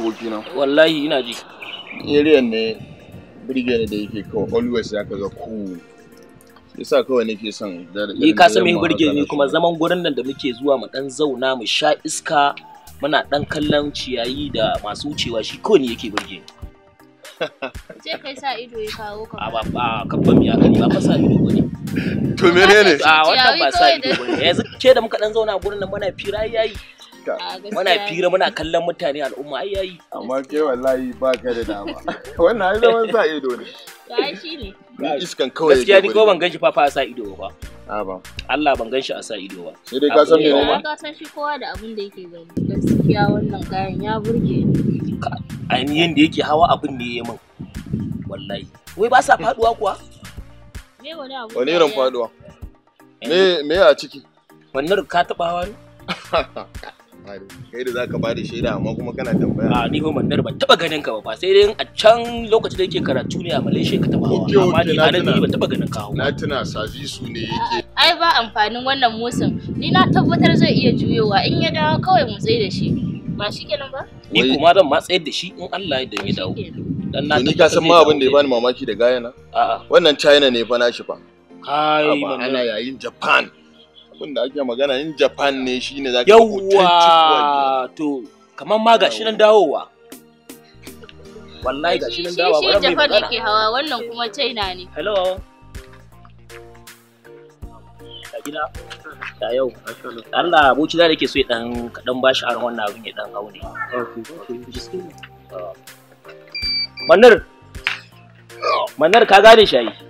abokina wallahi ina ji area ne birge ne da yake kawo always ya kaga ku yasa kawai nake son ni ka san me birge ne kuma zaman gurin nan da muke zuwa mu dan zauna mu sha iska muna dan kallon ciyayi da masu wucewa shi kawai ne yake birge ni je kai sa ido ya kawo ka a ba kabban ya gani ba sa ido bane to menene a wannan ba sa ido bane yanzu ke da muka dan zauna gurin nan muna fira yayi muna fira muna kallon mutane al'umma ai yayi amma ke wallahi ba ka da dama wannan ai zaman sa ido ne shi ne iskan kawai gaskiya ni ko ban ganshi fa fa sa ido ba ba Allah ban ganshi a sa ido ba sai dai ka san me ne ka san shi kowa da abin da yake gani gaskiya wannan kayan ya burge ni ainihin da yake hawa abin ne ya min wallahi wai ba sa faduwa kuwa wani irin faduwa eh. me me a ciki wannan ka taba hawa ne kai da zaka bada shaida amma kuma kana tambaya a ni fa mandar ban taba ganin ka ba sai dai a can lokacin da yake karatu ne a Malaysia ka taba hawa amma ni a nan ban taba ganin ka na tuna sazi su ne yake ai ba amfanin wannan musun ni na tabbatar zai iya juyowa in ya dawo kawai mu tsaye da shi ba shi kenan ba ni kuma zan ma tsayar da shi in Allah ya dan ya dawo dan na ni ka san ma abin da ya bani mamaki da gayana a'a wannan China ne fa nashi fa kai ana yayin Japan abin da ake magana in japan ne shine za ka yawwa to kamar ma gashi nan dawowa wallahi gashi nan dawowa mai magana shi japan yake hawa wannan kuma china ne hello gida ta yau Allah aboki da yake so ya dan kadan bashi a wannan abin ya dan aure manar manar ka gane shi ai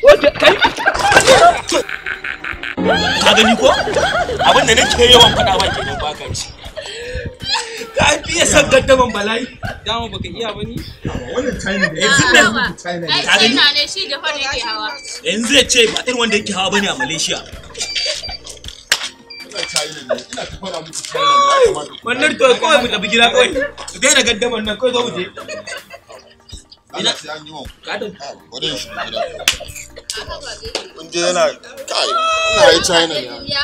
ka gani ko abin da nake yawan faɗa ba nan ba ka ci ka fi iya san gaddaman bala'i dama baka iya ba ni wannan china da yanzu da ka gani ne shi jafar yake hawa yanzu ya ce ba irin wanda yake hawa bane a malaysia wannan to kawai mu tafi gida kawai ka daina gaddaman nan kawai zo mu je ina ka da shi gida inda yana kai ina yi china ne